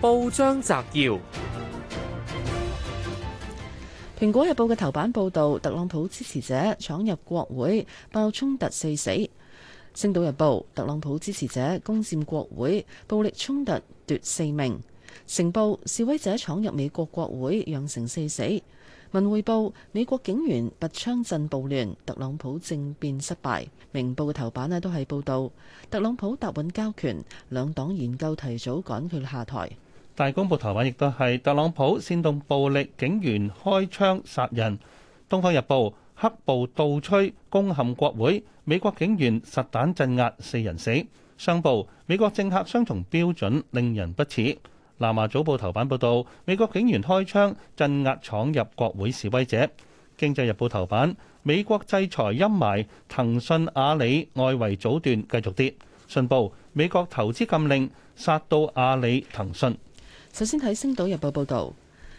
報章摘要：《蘋果日報》嘅頭版報道特朗普支持者闖入國會，爆衝突四死；《星島日報》特朗普支持者攻占國會，暴力衝突奪四名。《成報》示威者闖入美國國會，釀成四死。《文匯報》美國警員拔槍鎮暴亂，特朗普政變失敗。《明報》嘅頭版咧都係報道特朗普踏穩交權，兩黨研究提早趕佢下台。大公報，頭版亦都係特朗普煽動暴力，警員開槍殺人。《東方日報》黑暴倒吹攻陷國會，美國警員實彈鎮壓，四人死。商報，美國政客雙重標準令人不齒。《南華早報》頭版報道：美國警員開槍鎮壓闖入國會示威者。《經濟日報》頭版，美國制裁陰霾，騰訊、阿里外圍阻斷繼續跌。信報，美國投資禁令殺到阿里、騰訊。首先睇《星島日報》報導，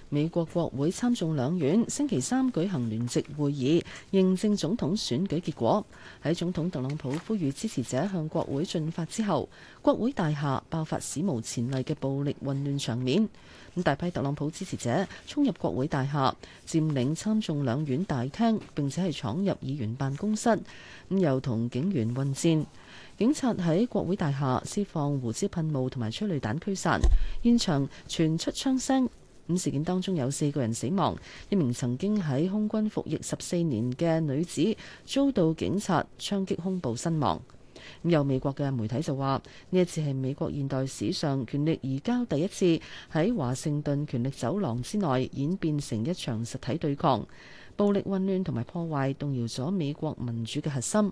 美國國會參眾兩院星期三舉行聯席會議，認證總統選舉結果。喺總統特朗普呼籲支持者向國會進發之後，國會大廈爆發史無前例嘅暴力混亂場面。咁大批特朗普支持者衝入國會大廈，佔領參眾兩院大廳，並且係闖入議員辦公室，咁又同警員混戰。警察喺國會大廈施放胡椒噴霧同埋催淚彈驅散，現場傳出槍聲。咁事件當中有四個人死亡，一名曾經喺空軍服役十四年嘅女子遭到警察槍擊胸部身亡。有美國嘅媒體就話呢一次係美國現代史上權力移交第一次喺華盛頓權力走廊之內演變成一場實體對抗，暴力混亂同埋破壞動搖咗美國民主嘅核心。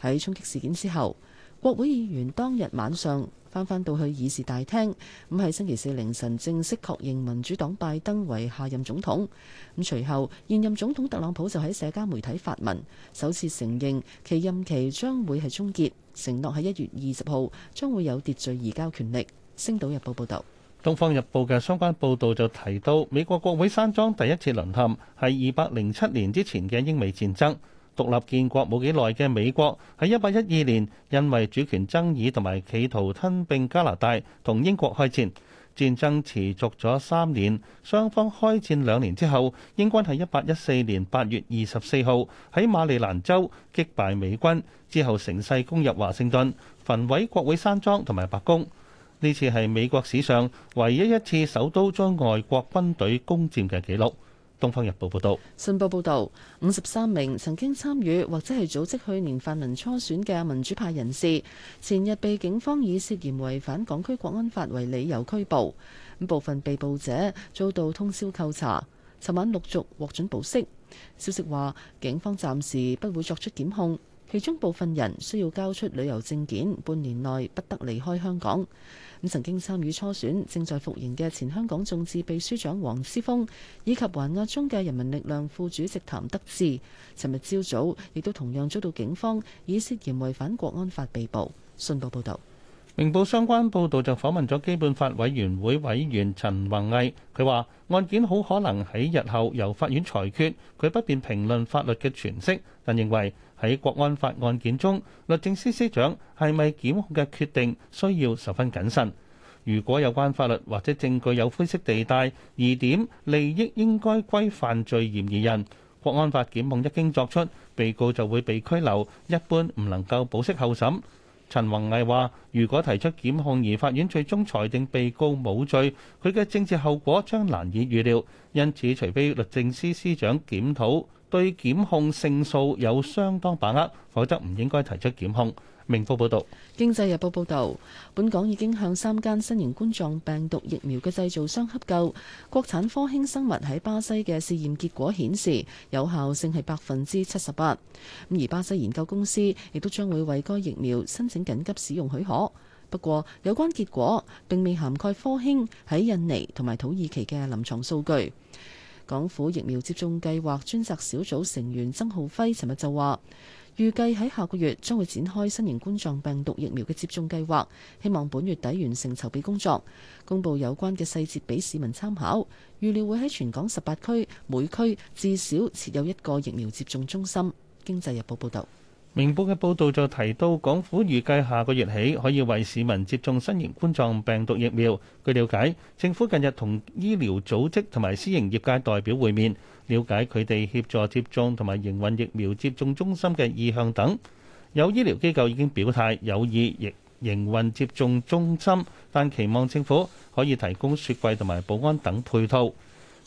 喺衝擊事件之後，國會議員當日晚上翻返到去議事大廳，咁喺星期四凌晨正式確認民主黨拜登為下任總統。咁隨後，現任總統特朗普就喺社交媒體發文，首次承認其任期將會係終結，承諾喺一月二十號將會有秩序移交權力。星島日報報道，《東方日報》嘅相關報導就提到，美國國會山莊第一次淪陷係二百零七年之前嘅英美戰爭。獨立建國冇幾耐嘅美國，喺一八一二年因為主權爭議同埋企圖吞併加拿大，同英國開戰。戰爭持續咗三年，雙方開戰兩年之後，英軍喺一八一四年八月二十四號喺馬里蘭州擊敗美軍，之後乘勢攻入華盛頓，焚毀國會山莊同埋白宮。呢次係美國史上唯一一次首都將外國軍隊攻佔嘅記錄。東方日報》報道：「信報報道，五十三名曾經參與或者係組織去年泛民初選嘅民主派人士，前日被警方以涉嫌違反港區國安法為理由拘捕，部分被捕者遭到通宵扣查，尋晚陸續獲准保釋。消息話，警方暫時不會作出檢控。其中部分人需要交出旅遊證件，半年內不得離開香港。咁曾經參與初選，正在服刑嘅前香港眾志秘書長黃思峰，以及還押中嘅人民力量副主席譚德志，尋日朝早亦都同樣遭到警方以涉嫌違反國安法被捕。信報報道。明報相關報導就訪問咗基本法委員會委員陳弘毅他說，佢話案件好可能喺日後由法院裁決。佢不便評論法律嘅詮釋，但認為喺國安法案件中，律政司司長係咪檢控嘅決定需要十分謹慎。如果有關法律或者證據有灰色地帶疑點，利益應該歸犯罪嫌疑人。國安法檢控一經作出，被告就會被拘留，一般唔能夠保釋候審。陳宏毅話，如果提出檢控而法院最終裁定被告冇罪，佢嘅政治後果將難以預料。因此，除非律政司司長檢討，對檢控勝訴有相當把握，否則唔應該提出檢控。明報報道，《經濟日報》報導，本港已經向三間新型冠狀病毒疫苗嘅製造商洽購。國產科興生物喺巴西嘅試驗結果顯示有效性係百分之七十八。咁而巴西研究公司亦都將會為該疫苗申請緊急使用許可。不過有關結果並未涵蓋科興喺印尼同埋土耳其嘅臨床數據。港府疫苗接種計劃專責小組成員曾浩輝尋日就話，預計喺下個月將會展開新型冠狀病毒疫苗嘅接種計劃，希望本月底完成籌備工作，公布有關嘅細節俾市民參考。預料會喺全港十八區，每區至少設有一個疫苗接種中心。經濟日報報道。明報嘅報導就提到，港府預計下個月起可以為市民接種新型冠狀病毒疫苗。據了解，政府近日同醫療組織同埋私營業界代表會面，了解佢哋協助接種同埋營運疫苗接種中心嘅意向等。有醫療機構已經表態有意營運接種中心，但期望政府可以提供雪櫃同埋保安等配套。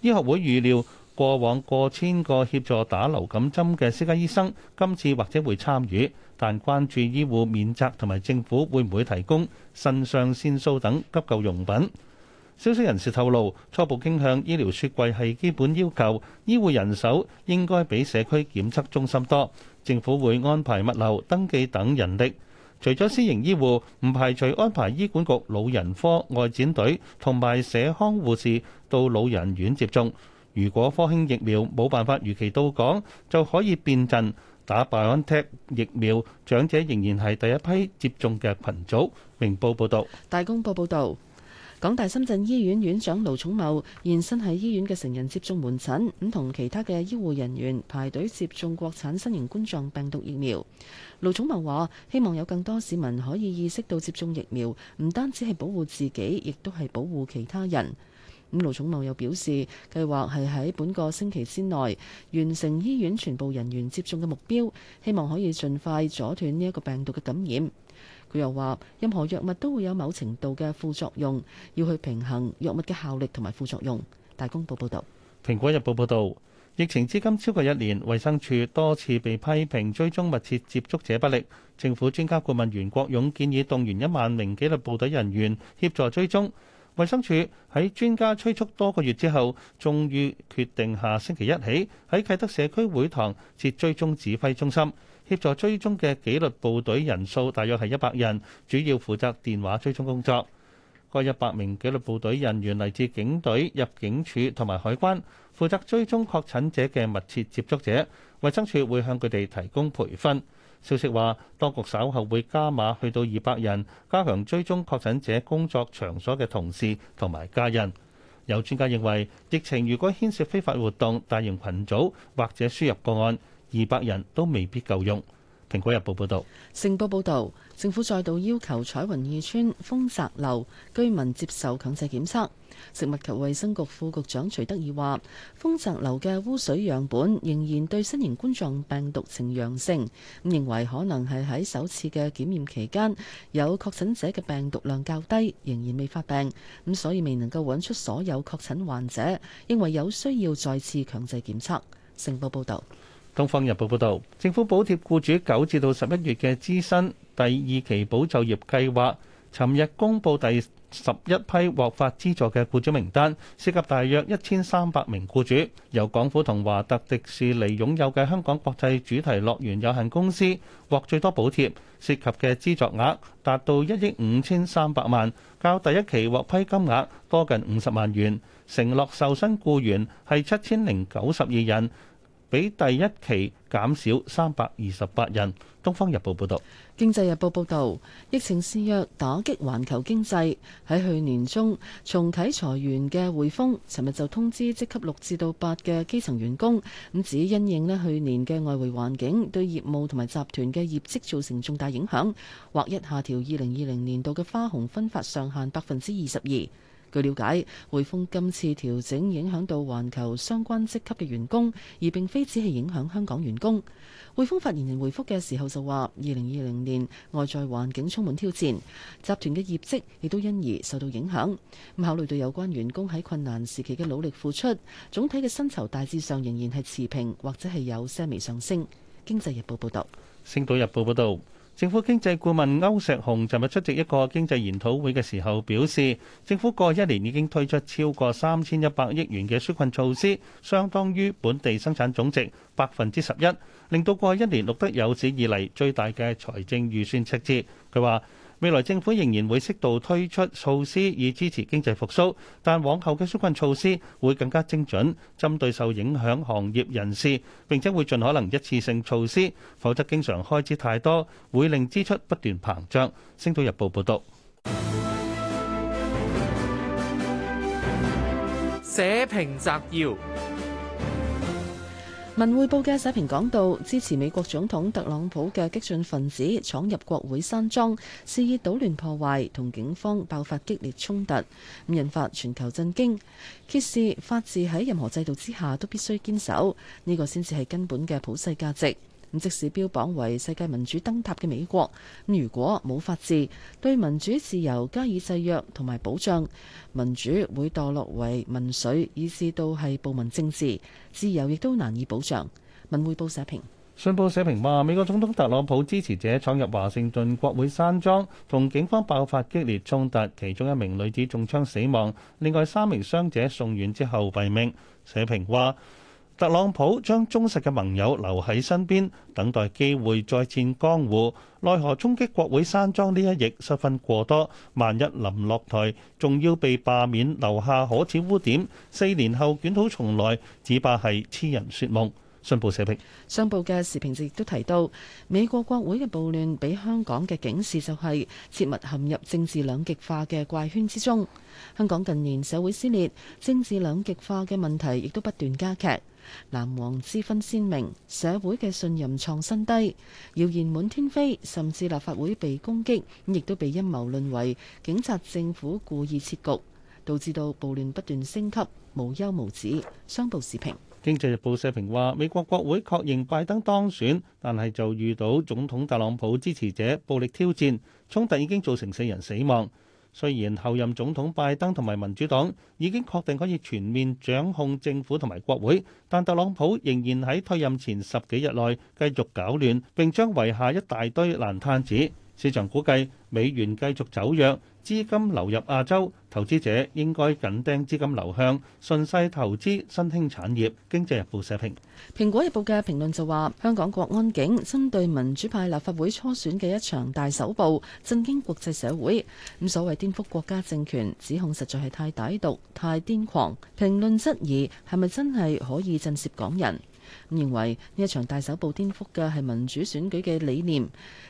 醫學會預料，過往過千個協助打流感針嘅私家醫生，今次或者會參與，但關注醫護免責同埋政府會唔會提供腎上腺素等急救用品。消息人士透露，初步傾向醫療雪櫃係基本要求，醫護人手應該比社區檢測中心多。政府會安排物流、登記等人力，除咗私營醫護，唔排除安排醫管局老人科外展隊同埋社康護士到老人院接種。如果科興疫苗冇辦法如期到港，就可以變陣打 BioNTech 疫苗。長者仍然係第一批接種嘅群組。明報報道，大公報報道，港大深圳醫院院長盧寵茂現身喺醫院嘅成人接種門診，咁同其他嘅醫護人員排隊接種國產新型冠狀病毒疫苗。盧寵茂話希望有更多市民可以意識到接種疫苗，唔單止係保護自己，亦都係保護其他人。咁盧寵茂又表示，計劃係喺本個星期之內完成醫院全部人員接種嘅目標，希望可以盡快阻斷呢一個病毒嘅感染。佢又話，任何藥物都會有某程度嘅副作用，要去平衡藥物嘅效力同埋副作用。大公報報道，《蘋果日報》報道，疫情至今超過一年，衞生署多次被批評追蹤密切接觸者不力。政府專家顧問袁國勇建議動員一萬名紀律部隊人員協助追蹤。衛生署喺專家催促多個月之後，終於決定下星期一起喺啟德社區會堂設追蹤指揮中心，協助追蹤嘅紀律部隊人數大約係一百人，主要負責電話追蹤工作。該一百名紀律部隊人員嚟自警隊、入境處同埋海關，負責追蹤確診者嘅密切接觸者。衛生署會向佢哋提供培訓。消息話，當局稍後會加碼去到二百人，加強追蹤確診者工作場所嘅同事同埋家人。有專家認為，疫情如果牽涉非法活動、大型群組或者輸入個案，二百人都未必夠用。蘋果日報報道，政府再度要求彩雲二村豐澤樓居民接受強制檢測。食物及衛生局副局長徐德義話：豐澤樓嘅污水樣本仍然對新型冠狀病毒呈陽性，咁認為可能係喺首次嘅檢驗期間有確診者嘅病毒量較低，仍然未發病，咁所以未能夠揾出所有確診患者，認為有需要再次強制檢測。成報報道。《東方日報》報導，政府補貼僱主九至到十一月嘅資薪第二期保就業計劃，尋日公布第十一批獲發資助嘅僱主名單，涉及大約一千三百名僱主。由港府同華特迪士尼擁有嘅香港國際主題樂園有限公司獲最多補貼，涉及嘅資助額達到一億五千三百萬，較第一期獲批金額多近五十萬元。承諾受薪僱員係七千零九十二人。比第一期減少三百二十八人。《東方日報》報導，《經濟日報》報導，疫情肆虐打擊環球經濟。喺去年中重啟裁員嘅匯豐，尋日就通知即級六至到八嘅基層員工。咁指因應咧去年嘅外匯環境對業務同埋集團嘅業績造成重大影響，或一下調二零二零年度嘅花紅分發上限百分之二十二。據了解，匯豐今次調整影響到環球相關職級嘅員工，而並非只係影響香港員工。匯豐發言人回覆嘅時候就話，二零二零年外在環境充滿挑戰，集團嘅業績亦都因而受到影響。咁考慮到有關員工喺困難時期嘅努力付出，總體嘅薪酬大致上仍然係持平或者係有些微上升。經濟日報報道。星島日報報道。政府經濟顧問歐石雄尋日出席一個經濟研討會嘅時候表示，政府過去一年已經推出超過三千一百億元嘅紓困措施，相當於本地生產總值百分之十一，令到過去一年錄得有史以嚟最大嘅財政預算赤字。佢話。未來政府仍然會適度推出措施以支持經濟復甦，但往後嘅紓困措施會更加精準，針對受影響行業人士，並且會盡可能一次性措施，否則經常開支太多，會令支出不斷膨脹。星島日報報導。社評摘要。文匯報嘅社評講到，支持美國總統特朗普嘅激進分子闖入國會山莊，肆意搗亂破壞，同警方爆發激烈衝突，引發全球震驚。揭示法治喺任何制度之下都必須堅守，呢個先至係根本嘅普世價值。即使標榜為世界民主燈塔嘅美國，如果冇法治，對民主自由加以制約同埋保障，民主會墮落為民粹，以至到係暴民政治，自由亦都難以保障。文匯報社評。信報社評話：美國總統特朗普支持者闖入華盛頓國會山莊，同警方爆發激烈衝突，其中一名女子中槍死亡，另外三名傷者送院之後斃命。社評話。特朗普將忠實嘅盟友留喺身邊，等待機會再戰江湖。奈何衝擊國會山莊呢一役失分過多，萬一臨落台，仲要被罷免，留下可恥污點。四年後捲土重來，只怕係痴人說夢。信報社評上報嘅時評席亦都提到，美國國會嘅暴亂俾香港嘅警示就係切勿陷入政治兩極化嘅怪圈之中。香港近年社會撕裂，政治兩極化嘅問題亦都不斷加劇。藍黃之分鮮明，社會嘅信任創新低，謠言滿天飛，甚至立法會被攻擊，亦都被陰謀論為警察政府故意設局，導致到暴亂不斷升級，無休無止。商報時評經濟日報社評話：美國國會確認拜登當選，但係就遇到總統特朗普支持者暴力挑戰，衝突已經造成四人死亡。雖然候任總統拜登同埋民主黨已經確定可以全面掌控政府同埋國會，但特朗普仍然喺退任前十幾日內繼續搞亂，並將遺下一大堆爛攤子。市場估計美元繼續走弱，資金流入亞洲，投資者應該緊盯資金流向，順勢投資新興產業。經濟日報社評，蘋果日報嘅評論就話：香港國安警針對民主派立法會初選嘅一場大搜捕，震驚國際社會。咁所謂顛覆國家政權指控，實在係太歹毒、太癲狂。評論質疑係咪真係可以震懾港人？咁認為呢一場大手部顛覆嘅係民主選舉嘅理念，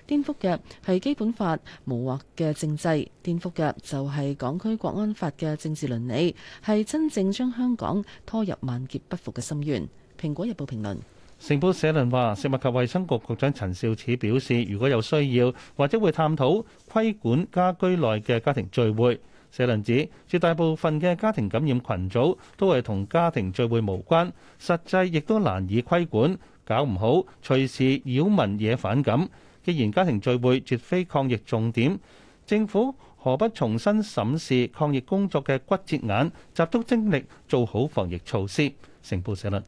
顛覆嘅係基本法模糊嘅政制，顛覆嘅就係港區國安法嘅政治倫理，係真正將香港拖入萬劫不復嘅深淵。《蘋果日報》評論，成報社論話，食物及衛生局局長陳肇始表示，如果有需要，或者會探討規管家居內嘅家庭聚會。社論指絕大部分嘅家庭感染群組都係同家庭聚會無關，實際亦都難以規管，搞唔好隨時擾民惹反感。既然家庭聚會絕非抗疫重點，政府何不重新審視抗疫工作嘅骨折眼，集中精力做好防疫措施？成報社論。